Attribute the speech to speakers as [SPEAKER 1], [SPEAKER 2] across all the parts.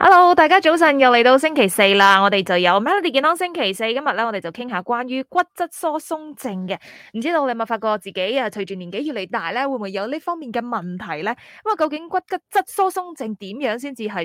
[SPEAKER 1] Hello，大家早晨，又嚟到星期四啦。我哋就有 Melody 健康星期四，今日咧我哋就傾下關於骨質疏鬆症嘅。唔知道你有冇發覺自己啊，隨住年紀越嚟大咧，會唔會有呢方面嘅問題咧？咁啊，究竟骨骨質疏鬆症點樣先至係算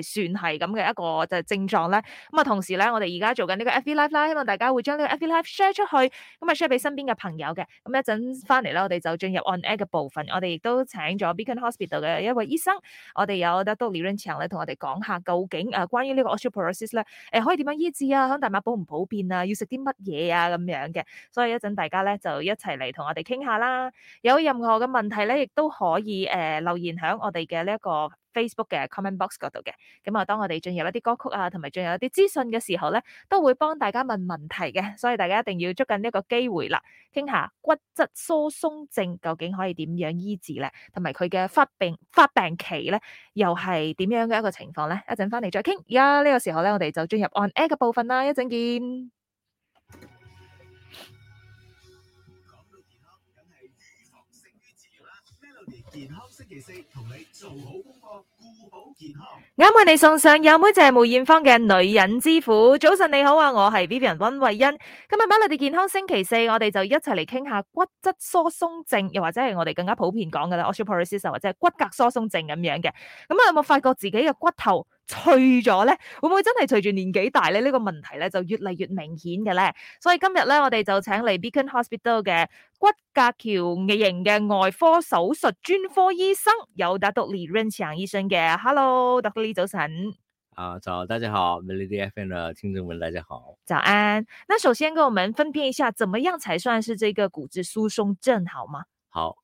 [SPEAKER 1] 係咁嘅一個就係症狀咧？咁啊，同時咧，我哋而家做緊呢個 FV Life 啦，希望大家會將呢個 FV Life share 出去，咁啊 share 俾身邊嘅朋友嘅。咁一陣翻嚟咧，我哋就進入 on air 嘅部分。我哋亦都請咗 Beacon Hospital 嘅一位醫生，我哋有 Doctor Len Chan 咧同我哋講下究竟。誒，關於呢個 osteoporosis 咧，誒、呃，可以點樣醫治啊？響大馬普唔普遍啊？要食啲乜嘢啊？咁樣嘅，所以一陣大家咧就一齊嚟同我哋傾下啦。有任何嘅問題咧，亦都可以誒、呃、留言響我哋嘅呢一個。Facebook 嘅 comment box 嗰度嘅，咁啊，當我哋進入一啲歌曲啊，同埋進入一啲資訊嘅時候咧，都會幫大家問問題嘅，所以大家一定要捉緊呢個機會啦。傾下骨質疏鬆症究竟可以點樣醫治咧，同埋佢嘅發病發病期咧，又係點樣嘅一個情況咧？一陣翻嚟再傾。而家呢個時候咧，我哋就進入 on air 嘅部分啦，一陣見。
[SPEAKER 2] 同你做好功課，
[SPEAKER 1] 顧好健康。啱為你送上有妹，就係梅艷芳嘅《女人之苦》。早晨你好啊，我係 Vivian 温慧欣。今日孖你哋健康星期四，我哋就一齊嚟傾下骨質疏鬆症，又或者係我哋更加普遍講嘅啦，osteoporosis，或者係骨骼疏鬆症咁樣嘅。咁啊，有冇發覺自己嘅骨頭？脆咗咧，會唔會真係隨住年紀大咧？呢個問題咧就越嚟越明顯嘅咧。所以今日咧，我哋就請嚟 Beacon Hospital 嘅骨骼橋異型嘅外科手術專科醫生，有達毒李 Rain 長醫生嘅。Hello，達毒李早晨。
[SPEAKER 3] 啊，早，大家好，Melody FM 嘅聽眾們，大家好。
[SPEAKER 1] 早安。那首先，跟我們分辨一下，怎麼樣才算是這個骨質疏鬆症，好嗎？好。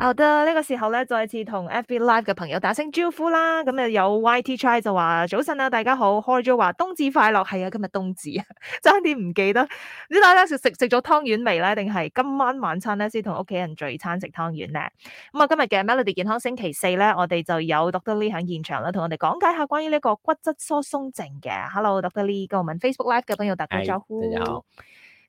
[SPEAKER 1] 好的呢、呢個時候咧，再次同 FB Live 嘅朋友打聲招呼啦。咁啊有 YTtry 就話早晨啊，大家好，開咗話冬至快樂，係啊，今日冬至啊，爭啲唔記得。唔知大家食食咗湯圓未咧，定係今晚晚餐咧先同屋企人聚餐食湯圓咧？咁啊今日嘅 Melody 健康星期四咧，我哋就有 Dr Lee 喺現場啦，同我哋講解下關於呢個骨質疏鬆症嘅。Hello，Dr Lee，各位 Facebook Live 嘅朋友、hey. 大家好。」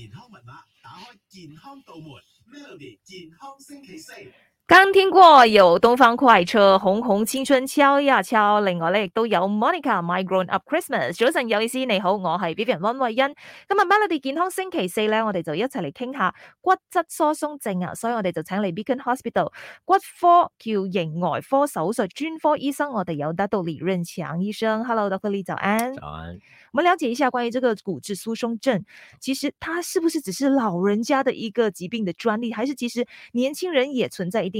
[SPEAKER 1] 健康密碼，打開健康道門。Melody 健康星期四。剛聽過有《東方快車》哄哄，紅紅青春敲呀敲。另外咧，亦都有 Monica《My Grown Up Christmas》。早晨，有意思，你好，我係 Vivian 溫慧欣。今日《Melody 健康星期四》咧，我哋就一齊嚟傾下骨質疏鬆症啊。所以我哋就請嚟 Beacon Hospital 骨科矯形外科手術專科醫生，我哋有得到李潤強醫生。Hello，Dr. Lee，早安。早安。我們了解一下關於這個骨質疏鬆症，其實它是不是只是老人家的一個疾病的專利，還是其實年輕人也存在一定？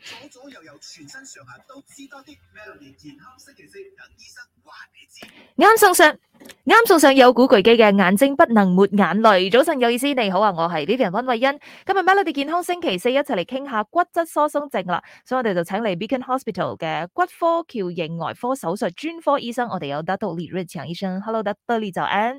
[SPEAKER 2] 左左右右，全身上下都知多啲。
[SPEAKER 1] Melody 健康星期四等醫生話你知，啱送上，啱送上有古巨基嘅眼睛，不能抹眼淚。早晨有意思，你好啊，我係呢邊溫慧欣。今日 Melody 健康星期四一齊嚟傾下骨質疏鬆症啦。所以我哋就請嚟 Beacon Hospital 嘅骨科矯形外科手術專科醫生，我哋有 Doctor 李瑞祥醫生。Hello，Doctor Lee，就安。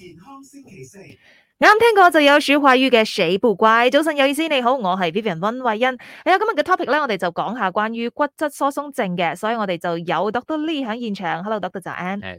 [SPEAKER 2] 健康
[SPEAKER 1] 星期四，啱聽過就有鼠化魚嘅《死 u 怪。早晨，有意思，你好，我係 Vivian 溫慧欣，係啊，今日嘅 topic 咧，我哋就講下關於骨質疏鬆症嘅，所以我哋就有、Dr. Lee 喺現場，Hello，Dr. Joanne，誒